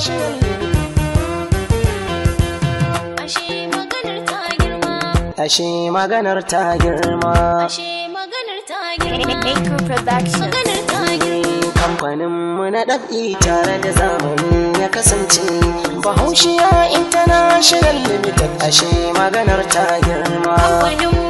Ashe maganar ta girma. Ashe maganar ta girma. Maganar ta girma. Kamfaninmu na ɗab'i tare da zamani ya kasance. Bahaushiya International Limited ashe maganar ta girma. Kamfaninmu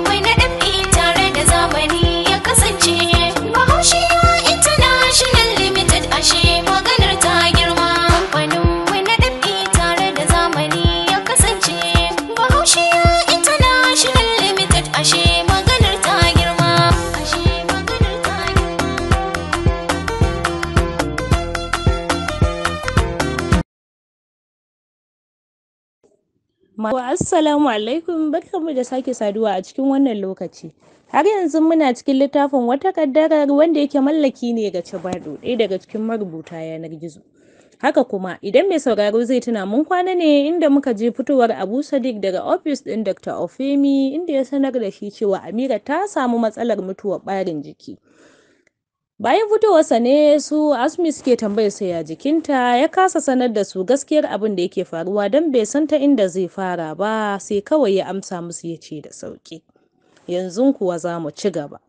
Wa assalamu alaikum barkanmu da sake saduwa a cikin wannan lokaci. Har yanzu muna cikin littafin wata kaddarar wanda yake mallaki ne ga Cibado, ɗaya daga cikin marubuta yanar gizo. Haka kuma idan mai sauraro zai tuna mun kwana ne inda muka je fitowar Abu Sadiq daga ofis ɗin Dr. Ofemi inda ya sanar da shi cewa Amira ta samu matsalar mutuwar ɓarin jiki. Bayan fitowarsa ne su Asmi suke tambayar sai ya jikinta ya kasa sanar da su gaskiyar abin da yake faruwa don bai san ta inda zai fara ba sai kawai ya amsa musu ya ce da sauki. Yanzu kuwa za mu ci gaba.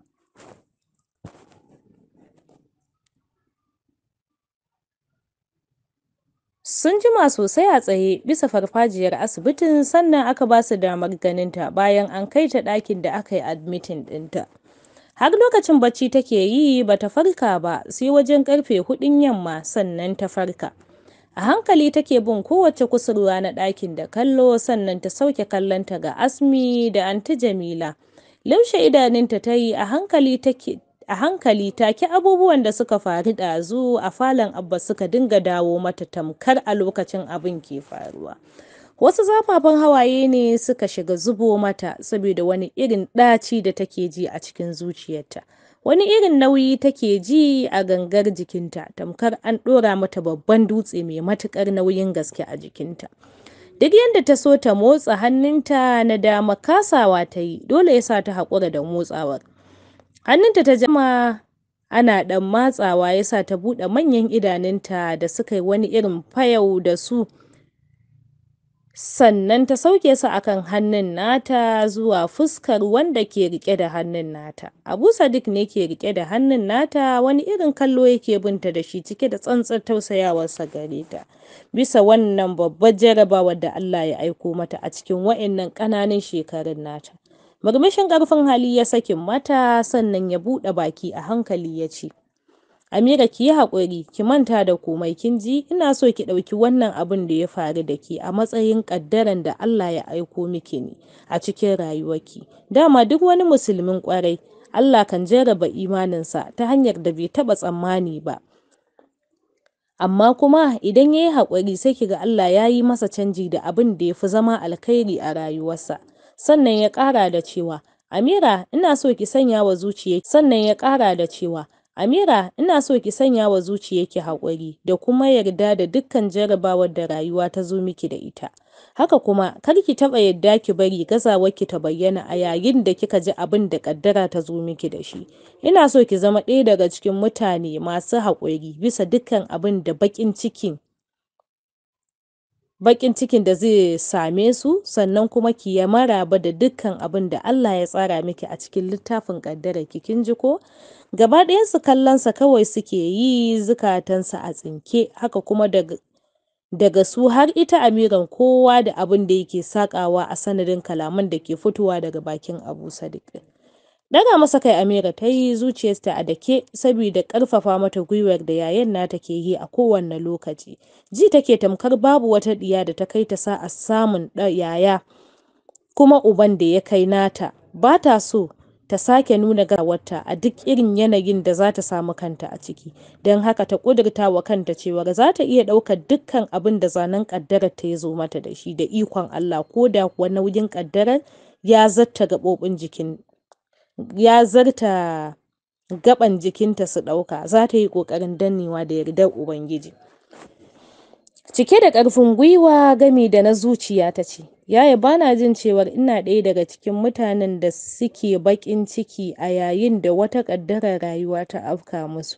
Sun jima sosai a tsaye bisa farfajiyar asibitin sannan aka ba su damar ganinta bayan an kai ta ɗakin da aka yi admitin ɗinta. Har lokacin bacci take yi bata farka ba sai wajen karfe hudun yamma sannan ta farka. A hankali take bin kowace kusurwa na ɗakin da kallo sannan ta sauke kallonta ga Asmi da Anti Jamila. lumshe idanunta ta yi a hankali take a hankali take abubuwan da suka faru ɗazu a falon abba suka dinga dawo mata tamkar a lokacin abin ke faruwa wasu zafafan hawaye ne suka shiga zubo mata saboda wani irin ɗaci da take ji a cikin zuciyarta wani irin nauyi take ji a gangar jikinta tamkar an ɗora mata babban dutse mai matuƙar nauyin gaske a jikinta duk yadda ta so ta motsa hannunta na dama kasawa ta yi dole ya sa ta haƙura da motsawar hannunta ta jama ana ɗan matsawa ya sa ta buɗe manyan idanunta da suka yi wani irin fayau da su sannan ta sauke su akan hannun nata zuwa fuskar wanda ke rike da hannun nata abu sadiq ne ke rike da hannun nata wani irin kallo yake binta da shi cike da tsantsar tausayawarsa gare ta bisa wannan babbar jarabawar da allah ya aiko mata a cikin wa'annan ƙananan shekarun nata murmushin ƙarfin hali ya sakin mata sannan ya buɗe baki a hankali ya ce Amira ki yi haƙuri, ki manta da komai kin ji, ina so ki ɗauki wannan abin da ya faru da ke a matsayin ƙaddaran da Allah ya aiko miki ne a cikin rayuwarki. Dama duk wani musulmin ƙwarai, Allah kan jarraba imaninsa ta hanyar da bai taɓa tsammani ba. amma kuma idan ya yi haƙuri sai kiga Allah ya yi masa canji da abin da ya fi zama alkhairi a rayuwarsa sannan ya ƙara da cewa Amira ina so ki sanya wa zuciyarki. sannan ya ƙara da cewa Amira ina so ki sanya wa zuciyarki haƙuri da kuma yarda da dukkan jarabawar da rayuwa ta zo miki da ita. Haka kuma kar ki taɓa yarda ki bari gazawarki ta bayyana a yayin da kika ji abin da ƙaddara ta zo miki da shi. Ina so ki zama ɗaya daga cikin mutane masu haƙuri bisa dukkan abin da baƙin cikin baƙin cikin da zai same su sannan kuma ki yi maraba da dukkan abin da Allah ya tsara miki a cikin littafin ƙaddara ki kin ji ko gaba ɗayan su kallonsa kawai suke yi zukatansa a tsinke haka kuma daga daga su har ita amiran kowa da abin da yake sakawa a sanadin kalaman da ke fitowa daga bakin abu sadiq Daga masa kai Amira ta yi, zuciyarta a dake sabida ƙarfafa mata gwiwar da yayan nata ke yi a kowane lokaci. Ji take tamkar babu wata ɗiya da ta kai ta a samun yaya kuma uban da ya kai nata. Ba ta so ta sake nuna gazawarta a duk irin yanayin da za ta samu kanta a ciki, don haka ta ƙudurta wa kanta cewa za ta iya ɗaukar dukkan abin da zanen ta ya zo mata da shi da ikon Allah ko da kuwa nauyin ƙaddarar ya zatta gaɓoɓin jikin ya zarta gaban jikinta su ɗauka za ta yi ƙoƙarin dannewa da yardar ubangiji cike da ƙarfin gwiwa gami da na zuciya ta ce yaya bana jin cewar ina ɗaya daga cikin mutanen da suke baƙin ciki a yayin da wata ƙaddarar rayuwa ta afka musu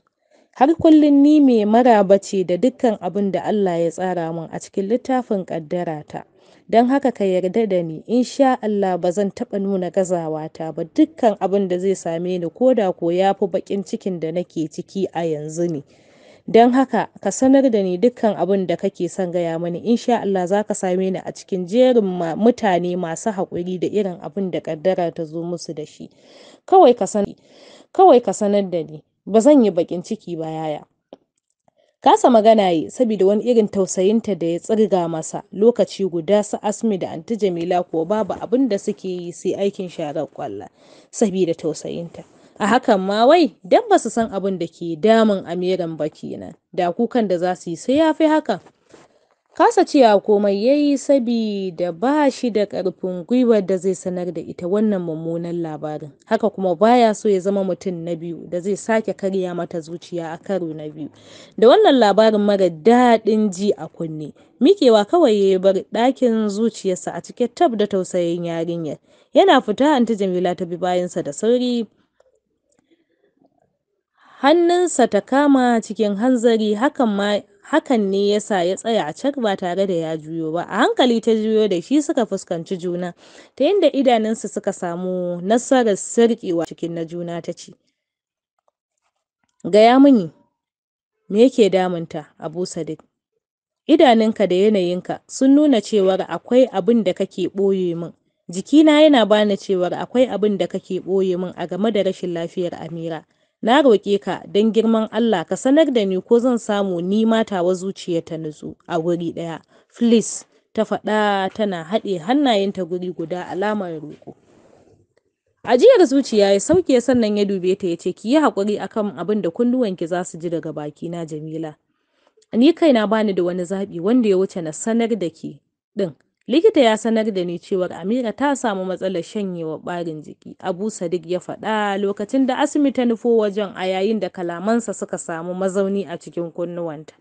har kullum ni mai maraba ce da dukkan abin da Allah ya tsara min a cikin littafin ƙaddara ta Don haka ka yarda da ni, insha Allah ba zan taɓa nuna gazawata ba, dukkan abin da zai same ni ko da ko ya fi baƙin cikin da nake ciki a yanzu ne. Don haka ka sanar da ni dukkan abin da kake son gaya mani, insha Allah za ka same ni a cikin jerin mutane masu haƙuri da irin abin da ƙaddara ta zo musu da shi. Kawai ka sanar da ni, ba zan yi baƙin ciki ba yaya. Kasa magana yi saboda wani irin tausayinta da ya tsirga masa, lokaci guda su asmi da anti Jamila kuwa babu abin da suke yi sai aikin sharar kwalla, saboda tausayinta. A hakan ma wai dan ba su san abin da ke damun Amiran ba ke da kukan da za su yi sai ya fi hakan. Kasa cewa komai ya yi sabida ba shi da ƙarfin gwiwar da zai sanar da ita wannan mummunan labarin, haka kuma ba ya so ya zama mutum na biyu da zai sake karya mata zuciya a karo na biyu da wannan labarin mara daɗin ji a kunne, miƙewa kawai ya yi bar ɗakin, zuciyarsa a cike tab da tausayin yarinyar, yana fita ta Jamila ta bi bayansa da sauri. hannunsa ta kama cikin hanzari hakan ma Hakan ne ya sa ya tsaya a can ba tare da ya juyo ba, a hankali ta juyo da shi suka fuskanci juna, ta yadda idanunsu suka samu nasarar sarƙewa cikin na juna ta ce, Gaya mini, me yake damunta, Abu Sadiq? Idanunka da yanayinka sun nuna cewar akwai abin da kake ɓoye min. Jikina yana bani cewar akwai abin da kake ɓoye min a game da rashin lafiyar Amira. Na roƙe ka don girman Allah ka sanar da ni ko zan samu ni ma tawa zuciyar ta nutsu a wuri ɗaya, please, ta faɗa tana haɗe hannayenta guri guda alamar roƙo. Ajiyar zuciya ya sauke sannan ya dube ta ya ce ki yi haƙuri akan abin da kunnuwanki za su ji daga baki na, Jamila. Ni kaina bani da wani zaɓi wanda ya wuce na sanar da ki ɗin Likita ya sanar da ni cewar Amira ta samu matsalar shanyewar barin jiki, Abu Sadiq ya faɗa lokacin da Asmi ta nufo wajen a yayin da kalamansa suka samu mazauni a cikin kunnuwanta.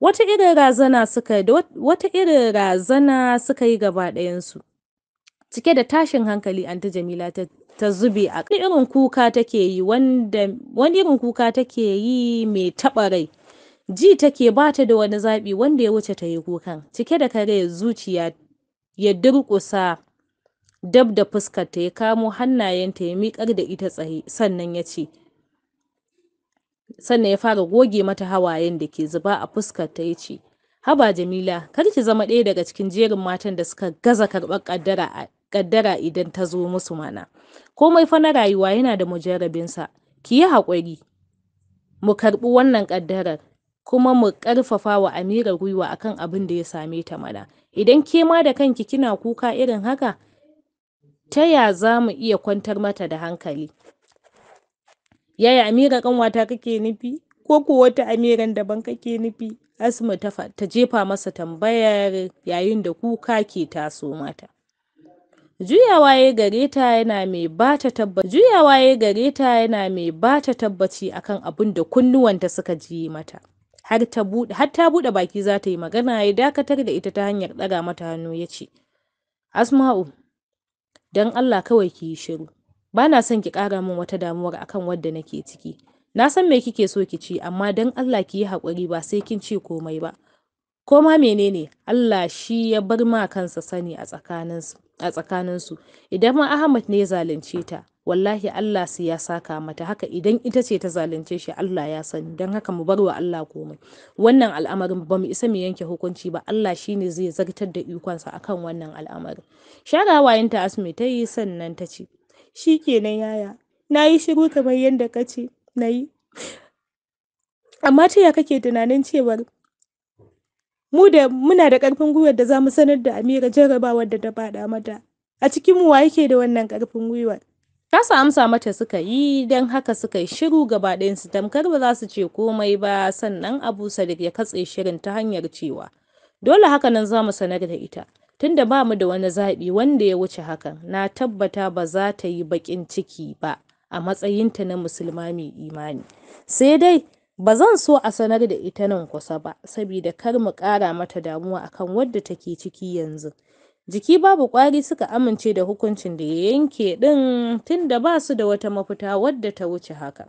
Wata irin razana suka wata irin razana suka yi gaba ɗayansu. Cike da tashin hankali Anta Jamila ta, ta zube a irin kuka take yi wanda wani irin kuka take yi mai taɓa rai. ji take bata da wani zaɓi wanda ya wuce ta yi kukan cike da kare zuciya ya durƙusa dab da fuskarta, ya kamo hannayenta ya miƙar da ita tsaye, sannan ya ce sannan ya fara goge mata hawayen da ke zuba a fuskarta ya ce haba jamila kar ki zama ɗaya daga cikin jerin matan da suka gaza karɓar ƙaddara ƙaddara idan ta zo musu mana komai fa na rayuwa yana da mujarrabinsa ki yi haƙuri mu karɓi wannan ƙaddarar kuma mu ƙarfafa wa Amira gwiwa akan abin da ya same ta mana. Idan ke ma da kanki kina kuka irin haka, ta ya za mu iya kwantar mata da hankali? Yaya Amira ƙanwata kake nufi? Ko ko wata Amiran daban kake nufi? Asma ta, ta jefa masa tambayar yayin da kuka ke taso mata. Juyawa ya gare ta yana mai ba ta tabbaci Juyawa ya gare ta yana mai ba ta tabbaci akan abin da kunnuwanta suka ji mata. har ta buɗe baki za ta yi magana ya dakatar da ita ta hanyar ɗaga mata hannu ya ce, Asma'u, don Allah kawai ki yi shiru, ba na son ki ƙara min wata damuwar akan wadda nake ciki. Na san me kike so ki ci, amma don Allah ki yi haƙuri ba sai kin ce komai ba. ko ma menene Allah shi ya bar ma kansa sani a tsakanin su idan ma Ahmad ne ya zalunce ta wallahi Allah sai ya saka mata haka idan ita ce ta zalunce shi Allah ya sani don haka mu bar wa Allah komai wannan al'amarin ba mu isa mu yanke hukunci ba Allah shi ne zai zartar da ikonsa akan wannan al'amarin shara ta asmi ta yi sannan ta ce shikenan yaya na yi shiru kamar yadda ka ce na yi amma ta ya kake tunanin cewar mu da muna da ƙarfin gwiwar da za mu sanar da Amira jarrabawar da ta faɗa mata. A cikinmu wa yake da wannan ƙarfin gwiwar? Kasa amsa mata suka yi don haka suka yi shiru gaba su tamkar ba za su ce komai ba sannan Abu Sadiq ya katse shirin ta hanyar cewa dole haka nan za mu sanar da ita tunda ba mu da wani zaɓi wanda ya wuce hakan na tabbata ba za ta yi baƙin ciki ba a matsayinta na musulma mai imani sai dai Ba zan so a sanar da ita nan kusa ba saboda kar mu ƙara mata damuwa akan wadda take ciki yanzu. Jiki babu ƙwari suka amince da hukuncin da ya yanke ɗin tunda ba su da wata mafita wadda ta wuce haka.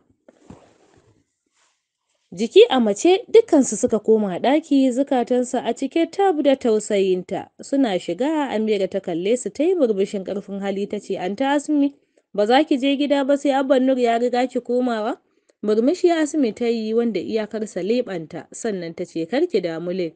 Jiki a mace dukkansu suka koma ɗaki zukatansu a cike tab da tausayinta suna shiga Amira ta kalle su ta yi murmushin ƙarfin hali ta ce ta Asmi ba za ki je gida ba sai Abban Nur ya riga ki komawa? murmushi asmi ta yi wanda iyakarsa leɓanta sannan ta ce ki damu le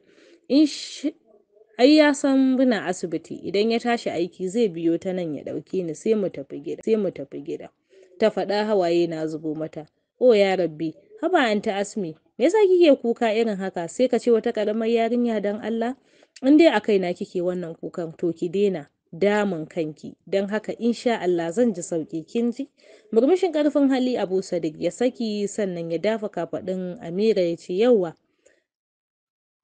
ai ya san muna asibiti idan ya tashi aiki zai biyo ta nan ya ɗauke ni sai mu tafi gida mu tafi gida ta faɗa hawaye na zubo mata o ya rabbi haba ta asmi me yasa kike kuka irin haka sai ka ce wata karamar yarinya dan Allah in dai a kaina kike wannan kukan to ki daina damun kanki don haka insha Allah zan ji sauƙi, kin ji murmushin ƙarfin hali Abu Sadiq ya saki sannan ya dafa kafaɗin Amira ya ce yawa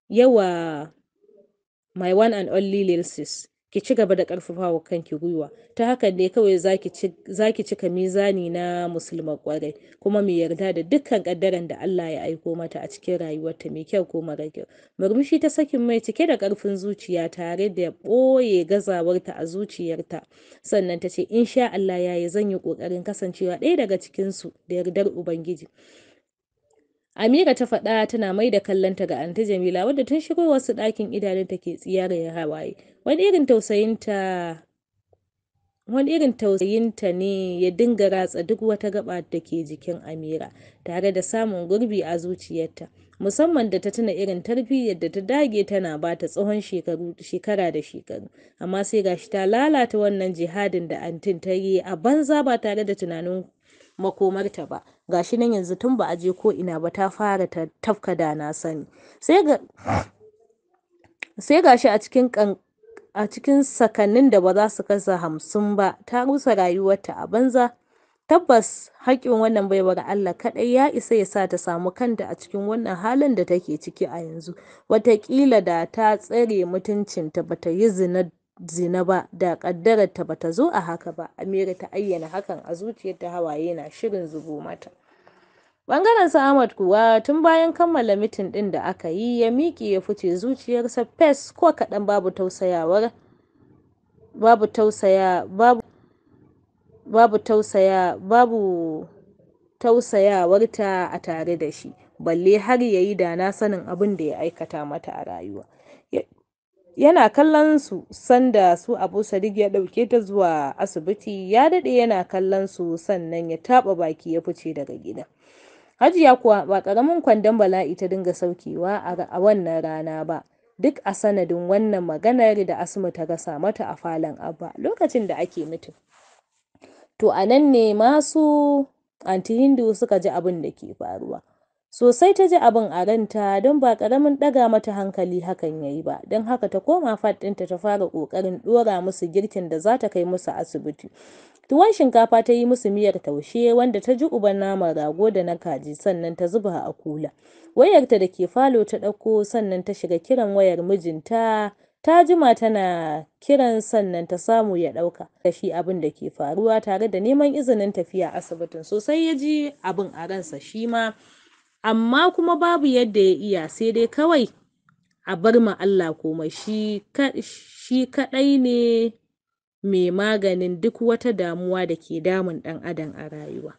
yawa my one and only lil sis ki ci gaba da ƙarfafawa kanki gwiwa ta hakan ne kawai zaki cika mizani na musulman kwarai kuma mai yarda da dukkan kaddaran da Allah ya aiko mata a cikin rayuwarta mai kyau ko mara kyau murmushi ta sakin mai cike da ƙarfin zuciya tare da ɓoye gazawarta a zuciyarta sannan ta ce insha Allah yi zan yi ƙoƙarin kasancewa ɗaya daga cikin su da yardar ubangiji Amira ta faɗa tana mai da kallonta ga Anta Jamila wadda tun shigo wasu ɗakin idanunta ke tsiyarar hawaye. wani irin tausayinta wani ne ya dinga ratsa duk wata gaba da ke jikin Amira tare da samun gurbi a zuciyarta musamman da ta tuna irin tarbiyyar da ta dage tana ba ta tsawon shekara da shekaru amma sai gashi ta lalata wannan jihadin da antin ta yi a banza ba tare da tunanin makomarta ba gashi nan yanzu tun ba a je ko ina ba ta fara ta tafka da na sani sai ga sai gashi a cikin kan a cikin sakannin da ba za su kasa hamsin ba ta rusa rayuwarta a banza tabbas haƙƙin wannan baiwar Allah kaɗai ya isa ya sa ta samu kanta a cikin wannan halin da take ciki a yanzu wataƙila da ta tsare mutuncinta ta yi zina zina ba da ƙaddararta ta zo a haka ba Amira ta ayyana hakan a ta hawaye na shirin zubo mata Ɓangaren sa ahmad kuwa tun bayan kammala mitin ɗin da aka yi ya miƙe ya fice zuciyarsa fes ko kaɗan babu tausayawarta a tare da shi, balle har ya yi da na sanin abin da ya aikata mata a rayuwa. Yana kallon su sanda su Abu Sadiq ya ɗauke ta zuwa asibiti, ya daɗe yana kallon su sannan ya taɓa baki ya fice daga gida. Hajiya kuwa ba ƙaramin kwandon bala'i ta dinga saukewa a wannan rana ba, duk a sanadin wannan maganar da asma ta rasa mata a falon Abba lokacin da ake mutu. To a nan ne masu su Hindu suka ji abin da ke faruwa. Sosai ta ji abin a ranta don ba ƙaramin ɗaga mata hankali hakan ya yi ba, don haka ta koma fat ɗinta ta fara ƙoƙarin ɗora musu girkin da za ta kai musu asibiti. Tuwon shinkafa ta yi musu miyar taushe wanda ta ji uban naman rago da na kaji sannan ta zuba a kula. Wayarta da ke falo ta ɗauko sannan ta shiga kiran wayar mijinta ta jima tana kiran sannan ta samu ya ɗauka da shi abin da ke faruwa tare da neman izinin tafiya asibitin sosai ya ji abin a ransa shi ma amma kuma babu yadda ya iya sai dai kawai a bar ma Allah komai shi kaɗai ne mai maganin duk wata damuwa da ke damun ɗan adam a rayuwa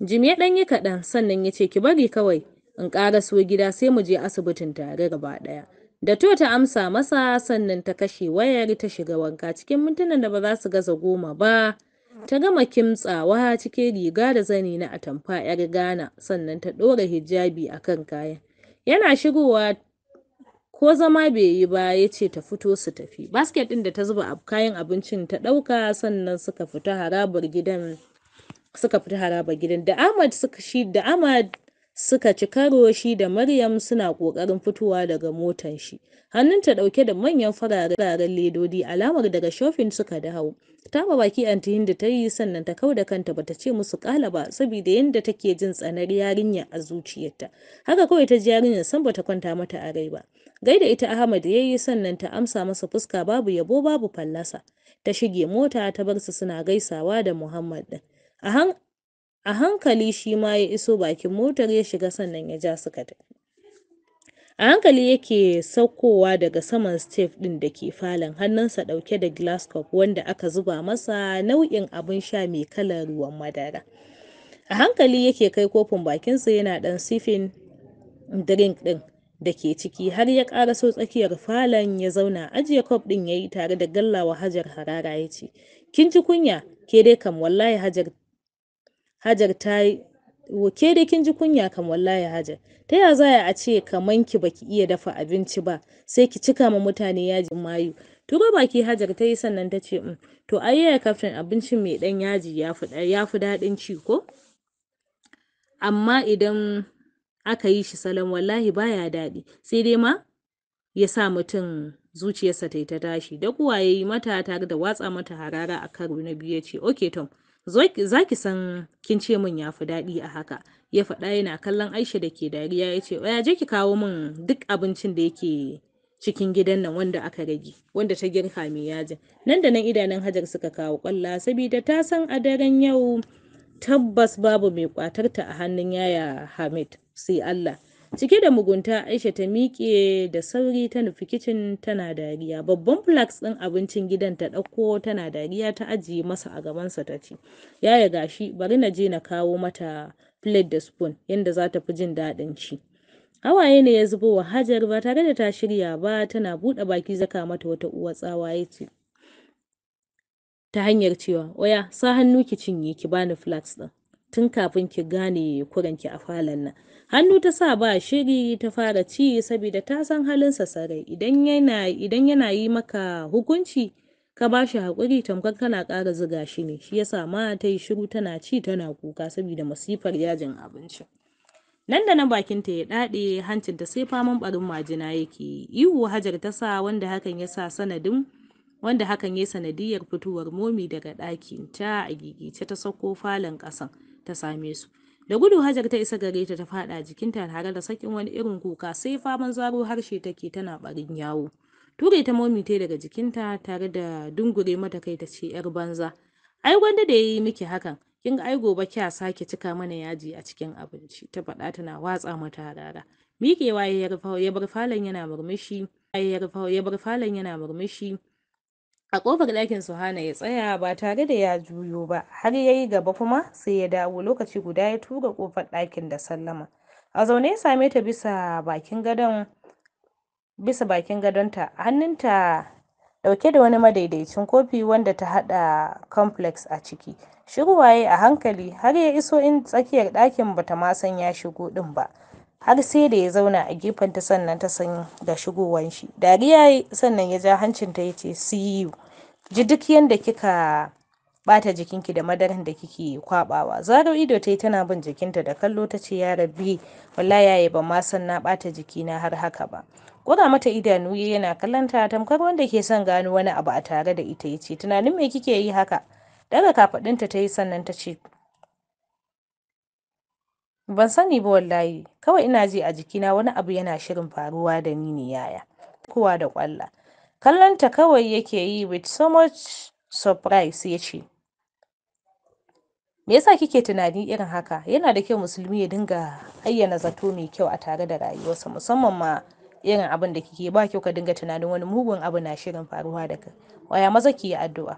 jim ya ɗan yi kaɗan sannan ya ce ki bari kawai in ƙara so gida sai mu je asibitin tare gaba ɗaya da to ta amsa masa sannan ta kashe wayar ta shiga wanka cikin mintunan da ba za su gaza goma ba ta gama kimtsawa cikin riga da zani na atamfa 'yar Ghana sannan ta ɗora hijabi a kan kayan yana shigowa ko zama bai yi ba ya ce ta fito su tafi basket ɗin da ta zuba kayan abincin ta ɗauka sannan suka fita harabar gidan suka fita harabar gidan da ahmad suka shi da ahmad suka ci karo shi da maryam suna ƙoƙarin fitowa daga motar shi hannun ta ɗauke da manyan fararen ledodi alamar daga shofin suka dawo ta ba baki anti da ta yi sannan ta kau da kanta bata ce musu kala ba saboda yadda take jin tsanar yarinya a zuciyarta haka kawai ta ji yarinyar san bata kwanta mata a rai ba gaida ita ahmad ya yi sannan ta amsa masa fuska babu yabo babu fallasa ta shige mota ta bar su suna gaisawa da muhammad din a hankali shi ma ya iso bakin motar ya shiga sannan ya ja suka tafi a hankali yake saukowa daga saman stef din da ke falon hannunsa dauke da glass cup wanda aka zuba masa nau'in abin sha mai kalar ruwan madara a hankali yake kai kofin bakinsa yana dan sifin drink din da ke ciki har ya ƙara so tsakiyar falon ya zauna ajiye kwaf ɗin ya yi tare da gallawa hajar harara ya ce kin ji kunya ke dai kam wallahi hajar hajar ta ke dai kin ji kunya kam wallahi hajar ta ya za a ce kaman ki baki iya dafa abinci ba sai ki cika ma mutane yajin mayu turo baki hajar ta yi sannan ta ce mm, to ai yaya kaftin abincin mai ɗan yaji ya fi daɗin ci ko amma idan aka yi shi salon wallahi baya daɗi sai dai ma ya sa mutum zuciyarsa ta yi ta tashi da kuwa ya yi mata tare da watsa mata harara a karo na biyu ya ce ok tom za ki san kin ce min ya fi daɗi a haka ya faɗa yana kallon aisha da ke dariya ya ce ya je ki kawo min duk abincin da yake cikin gidan nan wanda aka rage wanda ta girka mai yajin nan da nan idanun hajar suka kawo kwalla sabida ta san a daren yau tabbas babu mai kwatarta a hannun Yaya Hamid sai Allah. Cike da mugunta, Aisha ta miƙe da sauri ta nufi kicin tana dariya. Babban flax ɗin abincin gidan ta ɗauko tana dariya ta ajiye masa a gabansa ta ce, Yaya gashi, bari na je na kawo mata plate da spoon yadda za ta fi jin daɗin ci. Hawaye ne ya zubo wa Hajar ba tare da ta shirya ba tana buɗe baki zaka mata wata uwa tsawa ya ce, ta hanyar cewa oya sa hannu ki cinye ki bani flax ɗin tun kafin ki gane ki a falon nan hannu ta sa ba shiri ta fara ci saboda ta san sa sare idan yana idan yana yi maka hukunci ka ba shi haƙuri tamkar kana ƙara ziga shi ne shi yasa ma ta yi shiru tana ci tana kuka saboda masifar yajin abinci nan da nan bakinta ya hancin ta sai faman barin majina yake ihu hajar ta sa wanda hakan yasa sanadin wanda hakan ya sanadiyar fitowar Momi daga ɗakin ta a gigice ta sauko falon ƙasan ta same su. Da gudu Hajar ta isa gare ta ta faɗa jikinta tare da sakin wani irin kuka sai faman zaro harshe take tana barin yawo. Ture ta Momi ta daga jikinta tare da dungure mata kai ta ce ‘yar banza. Ai gwanda da ya yi miki hakan, kin ga ai gobe kya sake cika mana yaji a cikin abinci ta faɗa tana watsa mata harara. Miƙewa ya bar falon yana murmushi ya bar falon yana murmushi a kofar ɗakin suhana ya tsaya ba tare da ya juyo ba har ya yi gaba kuma sai ya dawo lokaci guda ya tura kofar ɗakin da sallama a zaune ya same ta bisa bakin gadon bisa bakin gadonta hannunta dauke da wani madaidaicin kofi wanda ta hada complex a ciki waye a hankali har ya iso in tsakiyar ɗakin bata ma san ya shigo din ba har sai da ya zauna a gefenta sannan ta san da shigowar shi dariya yayi sannan ya ja hancinta ya ce see you ji duk yadda kika bata jikinki da madaran da kike kwabawa zaro ido ta yi tana bin jikinta da kallo ta ce ya rabbi wallahi yaye ban ma san na bata na har haka ba kura mata idanu yana kallanta tamkar wanda ke son gano wani abu a tare da ita yace tunanin me kike yi haka daga kafadinta ta yi sannan ta ce Ban sani ba wallahi, kawai ina ji a jikina wani abu yana shirin faruwa da ni ne yaya. Kowa da kwalla. Kallonta kawai yake yi with so much surprise ya ce, Me yasa kike tunani irin haka? Yana da kyau musulmi ya dinga ayyana zato mai kyau a tare da rayuwarsa musamman ma irin abin da kike ba kyau ka dinga tunanin wani mugun abu na shirin faruwa da kai. Waya maza ki yi addu'a.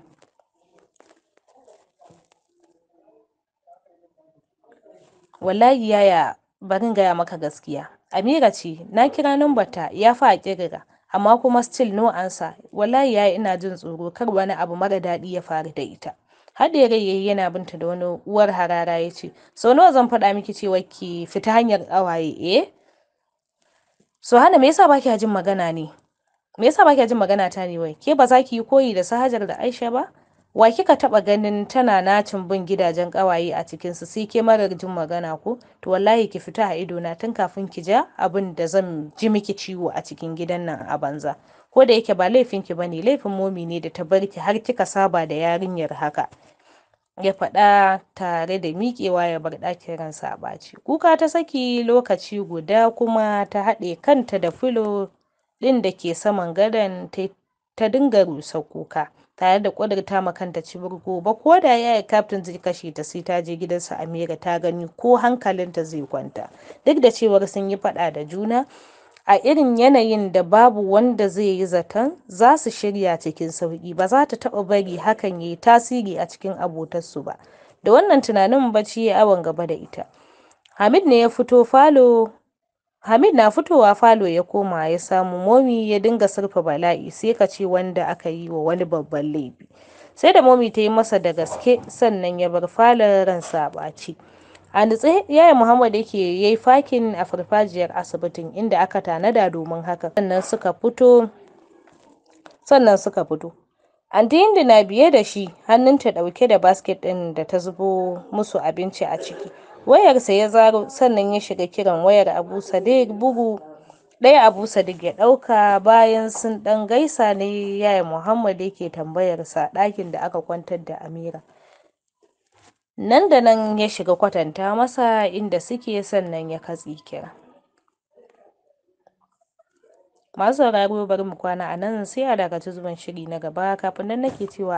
wallahi yaya barin gaya maka gaskiya amira ce na kira numbarta ya fa a kirga amma kuma still no answer wallahi yaya ina jin tsoro kar wani abu mara daɗi ya faru da ita da rai yayi yana binta da wani uwar harara ya ce so nawa zan faɗa miki cewa ki fita hanyar ƙawaye eh so hana me yasa baki jin magana ne me yasa baki jin magana ta ne wai ke ba za ki yi koyi da sahajar da aisha ba wa kika taɓa ganin tana nacin bin gidajen ƙawaye a cikinsu sai ke marar jin magana ko to wallahi ki fita a ido na tun kafin ki ja abin da zan ji miki ciwo a cikin gidan nan a banza ko da yake ba laifin ki bane laifin momi ne da ta bar ki har kika saba da yarinyar haka ya faɗa tare da miƙewa ya bar ɗakin ransa a ɓaci kuka ta saki lokaci guda kuma ta haɗe kanta da filo ɗin da ke saman gadon ta ta dinga rusa kuka tare da ƙudurta ma kanta cibir gobe ko da yaya kaftin zai kashe ta sai ta je gidansa Amira ta gani ko hankalinta zai kwanta duk da cewar sun yi faɗa da juna a irin yanayin da babu wanda zai yi zaton za su shirya cikin sauƙi ba za ta taɓa bari hakan ya yi tasiri a cikin abotarsu ba da wannan tunanin bacci ya awon gaba da ita hamid ne ya fito falo Hamid na fitowa falo ya koma ya samu Momi ya dinga sirfa bala'i sai ka ce wanda aka yi wa wani babban laifi. Sai da Momi ta yi masa da gaske sannan ya bar falon ransa a ɓace. A nutse Yaya Muhammad yake ya yi fakin a farfajiyar asibitin inda aka tanada domin haka. sannan suka fito sannan suka fito. Anti Hindu na biye da shi hannun ta ɗauke da basket ɗin da ta zubo musu abinci a ciki. wayarsa ya zaro sannan ya shiga kiran wayar abu sadiq bugu ɗaya abu sadiq ya ɗauka bayan sun ɗan gaisa ne yaya muhammad yake tambayarsa ɗakin da aka kwantar da amira nan da nan ya shiga kwatanta masa inda suke sannan ya katsi kira masu sauraro bari mu kwana a nan sai a dakaci zuwan shiri na gaba kafin nan nake cewa